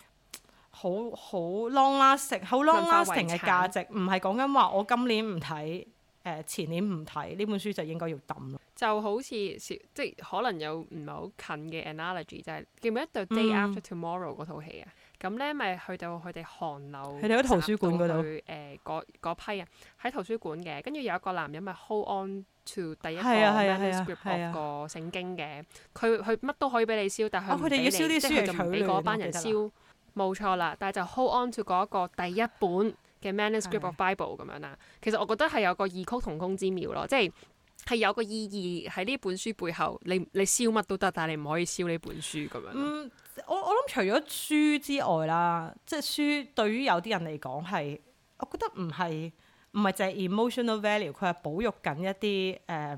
好好 long lasting 好 long lasting 嘅價值，唔係講緊話我今年唔睇，誒、呃、前年唔睇呢本書就應該要抌咯。就好似即係可能有唔係好近嘅 analogy，就係記唔記得《The Day After Tomorrow》嗰套戲啊？咁咧咪去到佢哋寒流，去到圖書館嗰度誒嗰批啊，喺圖書館嘅，跟住有一個男人咪 hold on to 第一個 manuscript 個聖、啊啊、經嘅，佢佢乜都可以俾你燒，但係佢哋要燒啲書,書就唔俾嗰班人燒、啊。啊啊啊啊啊冇錯啦，但係就 hold on to 嗰一個第一本嘅 manuscript of Bible 咁樣啦。是的 其實我覺得係有個異曲同工之妙咯，即係係有個意義喺呢本書背後。你你燒乜都得，但係你唔可以燒呢本書咁樣。嗯，我我諗除咗書之外啦，即、就、係、是、書對於有啲人嚟講係，我覺得唔係唔係淨係 emotional value，佢係保育緊一啲誒、呃、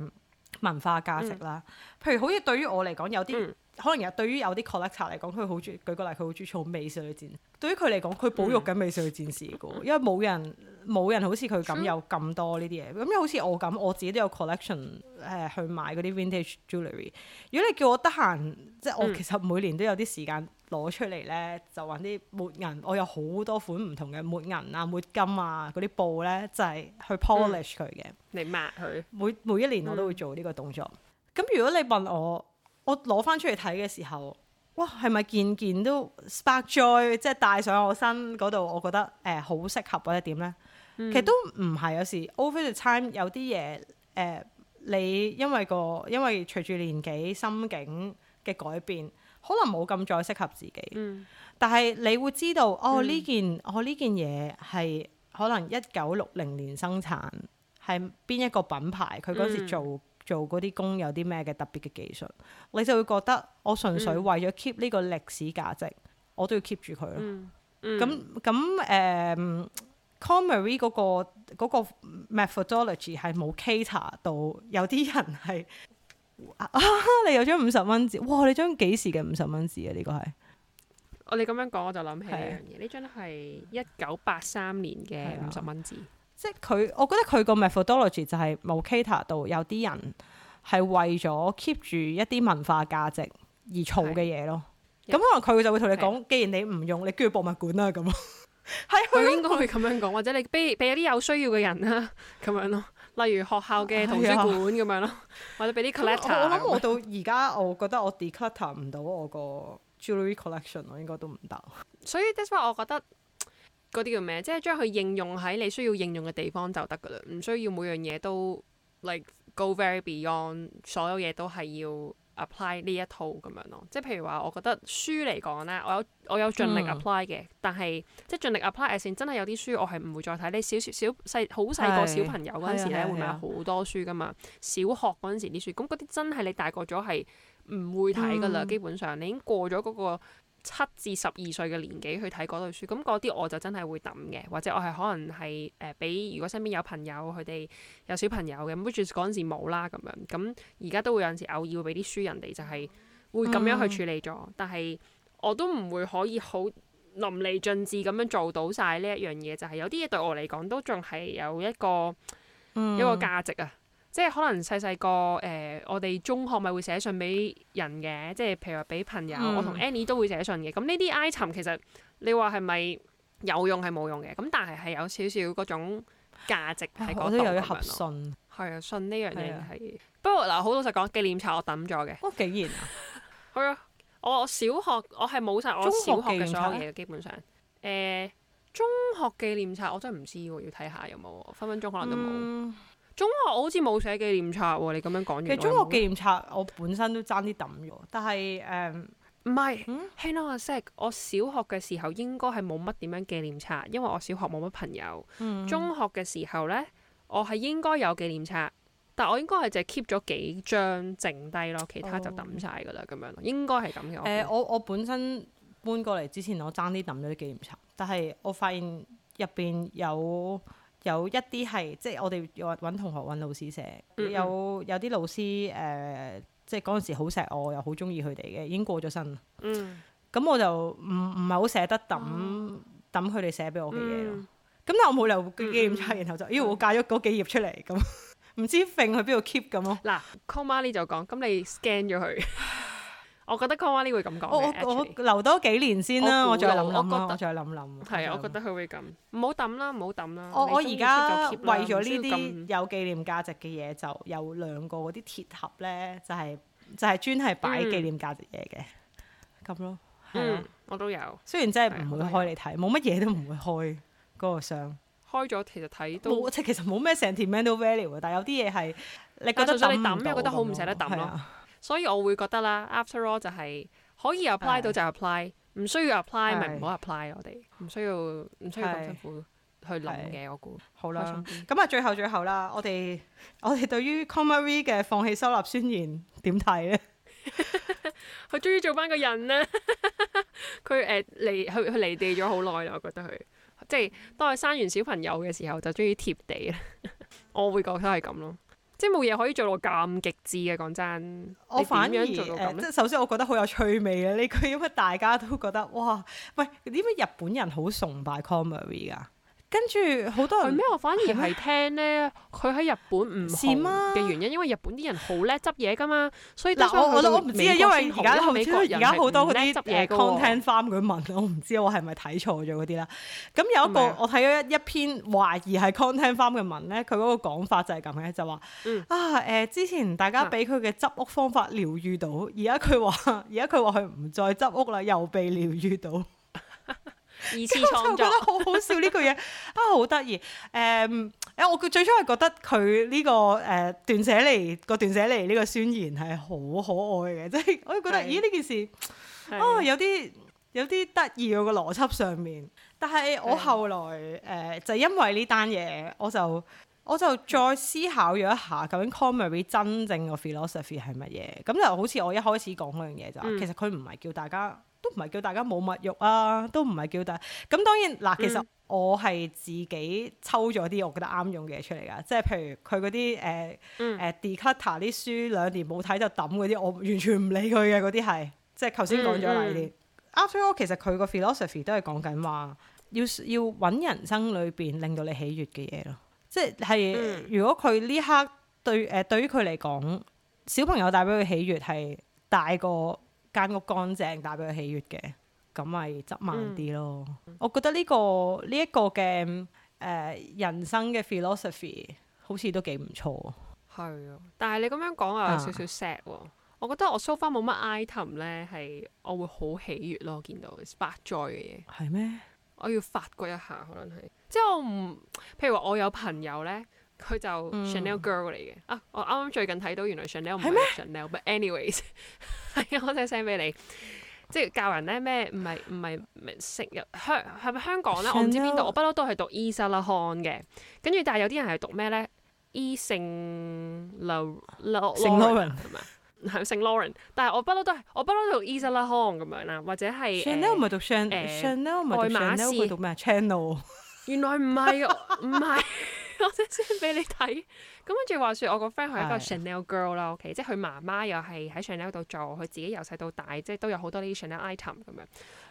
文化價值啦。嗯、譬如好似對於我嚟講，有啲、嗯。可能又對於有啲 collection 嚟講，佢好中意舉個例，佢好中意做美少女戰士。嗯、對於佢嚟講，佢保育緊美少女戰士嘅、嗯，因為冇人冇人好似佢咁有咁多呢啲嘢。咁又好似我咁，我自己都有 collection 誒、呃、去買嗰啲 vintage jewelry。如果你叫我得閒，即係我其實每年都有啲時間攞出嚟咧，嗯、就揾啲抹銀。我有好多款唔同嘅抹銀啊、抹金啊嗰啲布咧，就係、是、去 polish 佢嘅、嗯。你抹佢？每每一年我都會做呢個動作。咁、嗯、如果你問我，我攞翻出嚟睇嘅時候，哇，係咪件件都 spark joy，即係帶上我身嗰度，我覺得誒好、呃、適合或者點呢。嗯、其實都唔係，有時 over the time 有啲嘢誒，你因為個因為隨住年紀心境嘅改變，可能冇咁再適合自己。嗯、但係你會知道哦，呢件、嗯、哦呢件嘢係可能一九六零年生產，係邊一個品牌？佢嗰時做、嗯。做嗰啲工有啲咩嘅特別嘅技術，你就會覺得我純粹為咗 keep 呢個歷史價值，嗯、我都要 keep 住佢咯。咁咁誒，Konmari 嗰個嗰、嗰個 methodology 係冇 cater 到，有啲人係啊，啊，你有張五十蚊紙？哇！你張幾時嘅五十蚊紙啊？呢個係我你咁樣講，我就諗起呢的張係一九八三年嘅五十蚊紙。即係佢，我覺得佢個 methodology 就係冇 cater 到有啲人係為咗 keep 住一啲文化價值而儲嘅嘢咯。咁可能佢就會同你講，的既然你唔用，你捐去博物館啦咁。係佢這樣 應該會咁樣講，或者你俾俾一啲有需要嘅人啦。咁樣咯，例如學校嘅圖書館咁樣咯， 哎、呀 或者俾啲 collection。我諗我到而家，我覺得我 declutter 唔到我個 jewelry collection，我應該都唔得。 所以 that's why 我覺得。 嗰啲叫咩？即係將佢應用喺你需要應用嘅地方就得噶啦，唔需要每樣嘢都 like go very beyond 所有嘢都係要 apply 呢一套咁樣咯。即係譬如話，我覺得書嚟講咧，我有我有盡力 apply 嘅，嗯、但係即係盡力 apply 嘅，即係真係有啲書我係唔會再睇。你小小小細好細個小朋友嗰陣時咧，是會買好多書噶嘛。是小學嗰陣時啲書，咁嗰啲真係你大個咗係唔會睇噶啦。嗯、基本上你已經過咗嗰、嗰個。七至十二歲嘅年紀去睇嗰類書，咁嗰啲我就真係會抌嘅，或者我係可能係誒俾。如果身邊有朋友佢哋有小朋友嘅，咁嗰陣時冇啦咁樣，咁而家都會有陣時偶爾會俾啲書人哋，就係、是、會咁樣去處理咗。嗯、但係我都唔會可以好淋漓盡致咁樣做到晒呢一樣嘢，就係、是、有啲嘢對我嚟講都仲係有一個、嗯、一個價值啊。即係可能細細個誒，我哋中學咪會寫信俾人嘅，即係譬如話俾朋友，嗯、我同 Annie 都會寫信嘅。咁呢啲 item 其實你話係咪有用係冇用嘅？咁但係係有少少嗰種價值喺嗰度咁樣信，係的啊，信呢樣嘢係。不過嗱，好老實講，紀念冊我抌咗嘅。哦，竟然啊！ 我小學我係冇晒我小學嘅所有嘢基本上。誒、呃，中學紀念冊我真係唔知要睇下有冇，分分鐘可能都冇、嗯。中學我好似冇寫紀念冊喎、哦，你咁樣講嘢。其實中學紀念冊我本身都爭啲抌咗，但係誒唔係。Hang on a sec 我小學嘅時候應該係冇乜點樣紀念冊，因為我小學冇乜朋友。嗯、中學嘅時候呢，我係應該有紀念冊，但我應該係就 keep 咗幾張剩低咯，其他就抌晒㗎啦，咁、哦、樣咯，應該係咁嘅。誒，我、呃、我，我本身搬過嚟之前，我爭啲抌咗啲紀念冊，但係我發現入邊有。有一啲係即係我哋揾揾同學揾老師寫，嗯、有有啲老師誒、呃，即係嗰陣時好錫我又好中意佢哋嘅，已經過咗身啦。嗯，咁我就唔唔係好捨得抌抌佢哋寫俾我嘅嘢咯。咁、嗯、但我冇留機念測，然後就，咦、嗯哎、我嫁咗嗰幾頁出嚟咁，唔的 知揈去邊度 keep 咁咯。嗱，Call Mary 就講，咁你 scan 咗佢。 我覺得 Konmari 會咁講。我我留多幾年先啦，我再諗我覺得再諗諗。係啊，我覺得佢會咁。唔好抌啦，唔好抌啦。我而家為咗呢啲有紀念價值嘅嘢，就有兩個嗰啲鐵盒咧，就係就係專係擺紀念價值嘢嘅。咁咯，我都有。雖然真係唔會開嚟睇，冇乜嘢都唔會開嗰個箱。開咗其實睇都即係其實冇咩 sentimental value 嘅，但係有啲嘢係你覺得想抌，你覺得好唔捨得抌咯。所以我會覺得啦，after all 就係可以 apply 到就 apply，唔的需要 apply 咪唔好 apply 的。我哋唔需要唔需要咁辛苦去諗嘅，我估。好啦，咁啊最後最後啦，我哋我哋對於 Konmari 嘅放棄收納宣言點睇咧？佢終於做翻個人啦！佢誒離佢佢離地咗好耐啦， 我覺得佢即係當佢生完小朋友嘅時候就終於貼地， 我會覺得係咁咯。即係冇嘢可以做到咁極致嘅，講真。我反樣做到咁、呃。即係首先我覺得好有趣味啊！呢句因為大家都覺得，哇，喂，點解日本人好崇拜 Konmari 㗎、啊？跟住好多人咩？我反而係聽咧，佢喺麼日本唔掂啊！嘅原因，嗎因為日本啲人好叻執嘢㗎嘛。所以嗱，我我我唔知，啊！因為而家好而家好多嗰啲、uh, content farm 嘅文，我唔知我係咪睇錯咗嗰啲啦。咁有一個嗎我睇咗一一篇懷疑係 content farm 嘅文咧，佢嗰個講法就係咁嘅，就話、嗯、啊誒、呃，之前大家俾佢嘅執屋方法療癒到，而家佢話而家佢話佢唔再執屋啦，又被療癒到。 我就覺得好好笑呢句嘢啊，好得意誒！我最初係覺得佢呢、這個誒、呃、斷捨離個斷捨離呢個宣言係好可愛嘅，即 係我覺得是咦呢件事啊有啲有啲得意喎個邏輯上面。但係我後來誒是、呃、就因為呢單嘢，我就我就再思考咗一下究竟 Konmari 真正嘅 philosophy 係乜嘢？咁就好似我一開始講嗰樣嘢就、嗯、其實佢唔係叫大家。都唔係叫大家冇物欲啊，都唔係叫大。咁當然嗱，其實我係自己抽咗啲我覺得啱用嘅嘢出嚟噶，即係譬如佢嗰啲誒誒 Dick Carter 啲書兩年冇睇就抌嗰啲，我完全唔理佢嘅嗰啲係，即係頭先講咗啦啲。嗯嗯、After all，其實佢個 philosophy 都係講緊話，要要揾人生裏邊令到你喜悅嘅嘢咯。即係、嗯、如果佢呢刻對誒、呃、對於佢嚟講，小朋友帶俾佢喜悅係大過。間屋乾淨帶俾佢喜悅嘅，咁咪執慢啲咯。嗯、我覺得呢、呢個呢一、呢個嘅誒、呃、人生嘅 philosophy 好似都幾唔錯。係啊，但係你咁樣講啊，有少少 sad 喎。我覺得我 so far 冇乜 item 咧係我會好喜悅咯，見到是 spark joy 嘅嘢。係咩？我要發掘一下，可能係即係我唔，譬如話我有朋友咧。佢就 Chanel girl 嚟嘅啊！我啱啱最近睇到，原來 Chanel 唔係 Chanel，but anyways，係啊，我想 send 俾你，即係教人咧咩？唔係唔係，唔識香係咪香港咧？我唔知邊度。我不嬲都係讀 Eslarcon 嘅，跟住但係有啲人係讀咩咧？E 姓 Law，姓 Lawrence 係咪啊？係姓 Lawrence，但係我不嬲都係我不嬲都讀 Eslarcon 咁樣啦，或者係 Chanel 唔係讀 Chanel，Chanel 唔係讀 Chanel，佢讀咩？Chanel 原來唔係啊，唔係。 我先先俾你睇，咁跟住話說我個 friend 係一個 Chanel girl 啦，OK，即係佢媽媽又係喺 Chanel 度做，佢自己由細到大即係都有好多啲 Chanel item 咁樣。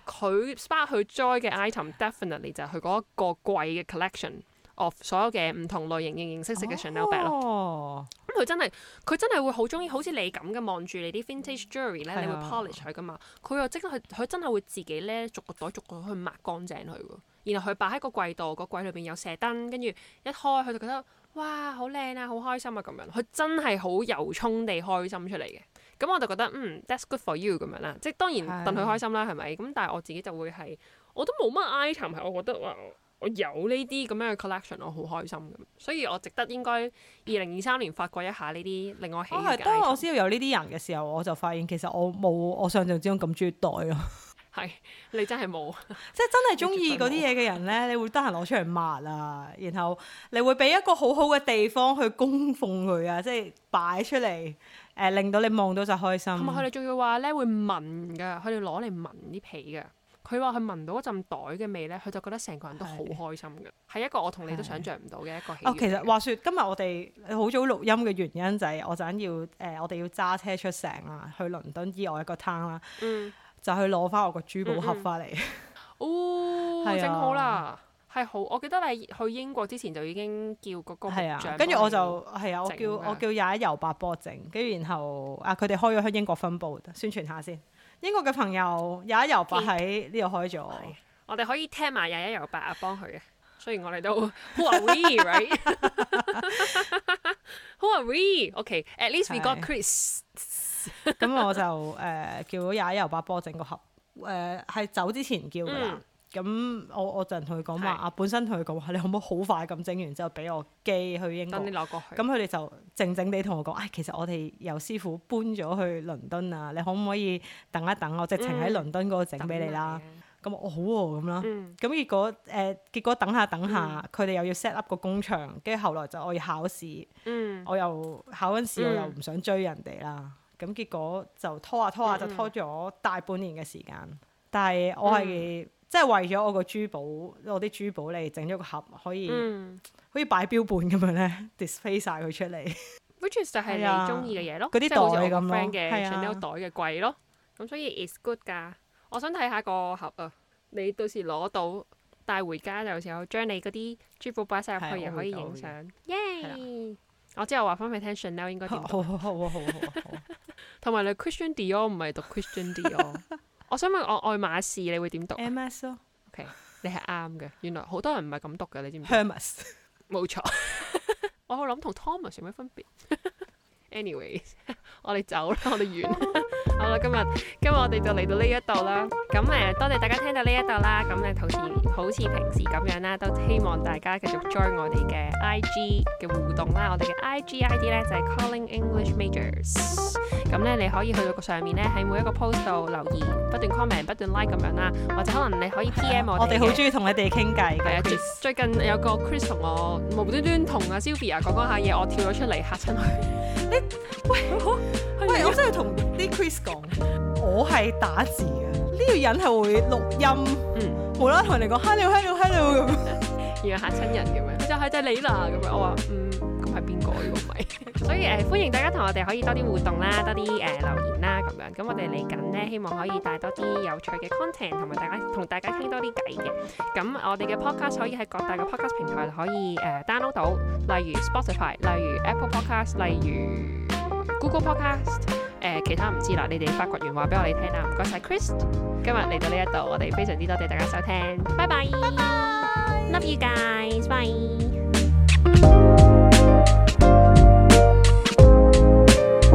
佢 spark 佢 joy 嘅 item definitely 就係佢嗰一個貴嘅 collection of 所有嘅唔同類型形形色色嘅 Chanel bag 咯。咁佢、oh 嗯、真係佢真係會好中意，好似你咁嘅望住你啲 vintage jewelry 咧，你會 polish 佢噶嘛？佢、oh、又即刻佢真係會，會自己咧逐個袋逐個去抹乾淨佢喎。然後佢擺喺個櫃度，個櫃裏邊有射燈，跟住一開佢就覺得哇好靚啊，好開心啊咁樣。佢真係好由衷地開心出嚟嘅。咁我就覺得嗯，that's good for you 咁樣啦。即係當然等佢開心啦，係咪？咁但係我自己就會係我都冇乜 item 係我覺得話我有呢啲咁樣嘅 collection，我好開心咁。所以我值得應該二零二三年發掘一下呢啲令我喜嘅。我、啊、當我知道有呢啲人嘅時候，我就發現其實我冇我想象之中咁中意袋咯。 係，你 真係冇，即係真係中意嗰啲嘢嘅人咧，你會得閒攞出嚟抹啊，然後你會俾一個好好嘅地方去供奉佢啊，即係擺出嚟，誒、呃、令到你望到就開心。佢哋仲要話咧會聞噶？佢哋攞嚟聞啲皮噶。佢話佢聞到嗰陣袋嘅味咧，佢就覺得成個人都好開心嘅。係是一個我同你都想象唔到嘅一個。哦，其實話說今日我哋好早錄音嘅原因就係我陣要，誒、呃、我哋要揸車出城啊，去倫敦以外一個灘啦。嗯。就去攞翻我個珠寶盒翻嚟、嗯嗯，哦，整、 啊、好啦，係好。我記得你去英國之前就已經叫嗰個係啊，跟住我就係啊，我叫我叫廿一遊八波整，跟住然後啊，佢哋開咗去英國分部宣傳下先。英國嘅朋友廿 Okay. 一遊八喺呢度開咗、啊，我哋可以聽埋廿一遊八啊，幫佢嘅。 雖然我哋都 Who are we, right? Who are we? o、Okay, k at least we got Chris. 咁我就誒叫咗廿一遊八波整個盒，誒係走之前叫㗎啦。咁我我就同佢講話，啊本身同佢講話，你可唔可以好快咁整完之後俾我寄去英國？等咁佢哋就靜靜地同我講，唉，其實我哋由師傅搬咗去倫敦啊，你可唔可以等一等我，直情喺倫敦嗰度整俾你啦？咁我好喎咁啦。咁結果誒結果等下等下，佢哋又要 set up 個工場，跟住後來就我要考試，我又考緊試我又唔想追人哋啦。咁結果就拖下、啊、拖下、啊、 就拖咗大半年嘅時間，但係我係 即係為咗我個珠寶，我啲珠寶嚟整咗個盒，可以可以擺標本咁樣咧 display 晒佢出嚟。Which is 就係你中意嘅嘢咯，嗰啲袋咁嘅，係啊，有袋嘅櫃咯。咁所以 it's good 噶。我想睇下個盒啊，你到時攞到帶回家就有時候將你嗰啲珠寶擺晒入去，又可以影相。嗯啊、y、yeah. 我之後話返俾你聽，Chanel，應該點？好好好啊，好啊，好啊，好啊。同埋你 Christian Dior 唔係讀 Christian Dior，我想問我愛馬仕你會點讀？M S，OK，你係啱嘅。原來好多人唔係咁讀㗎，你知唔知？Hermes，冇錯。我好諗同 Thomas 有咩分別？Anyways，我哋走啦，我哋完啦， 好啦，今日今日我哋就嚟到呢一度啦。咁誒、呃，多謝大家聽到呢一度啦。咁誒，好似好似平時咁樣啦，都希望大家繼續 join 我哋嘅 IG 嘅互動啦。我哋嘅 IG ID 咧，就係、是、Calling English Majors。咁咧，你可以去到個上面咧，喺每一個 post 度留，留言，不斷 comment，不斷 like 咁樣啦。或者可能你可以 PM、啊、我哋。好中意同你哋傾偈嘅。Chris 最近有個 Chris 同我無端端同阿 Sylvia 講講下嘢，我跳咗出嚟嚇親佢。 喂，喂，啊、我真係同啲 Chris 講，我係打字嘅，呢、這個人係會錄音，嗯、無啦啦同人哋講 hello hello hello 咁 ，然後吓親人咁樣，就係、是、就你啦咁樣，我話嗯。係邊個？如果唔係，所以誒、呃，歡迎大家同我哋可以多啲互動啦，多啲誒、呃、留言啦，咁樣咁我哋嚟緊呢，希望可以帶多啲有趣嘅 content，同埋大家同大家傾多啲偈嘅。咁我哋嘅 podcast 可以喺各大嘅 podcast 平台可以誒、呃、download 到，例如 Spotify，例如 Apple Podcast，例如 Google Podcast，誒、呃、其他唔知啦。你哋發掘完話俾我哋聽啦，唔該晒 Chris。今日嚟到呢一度，我哋非常之多謝大家收聽，拜拜 bye bye，Love you guys，bye。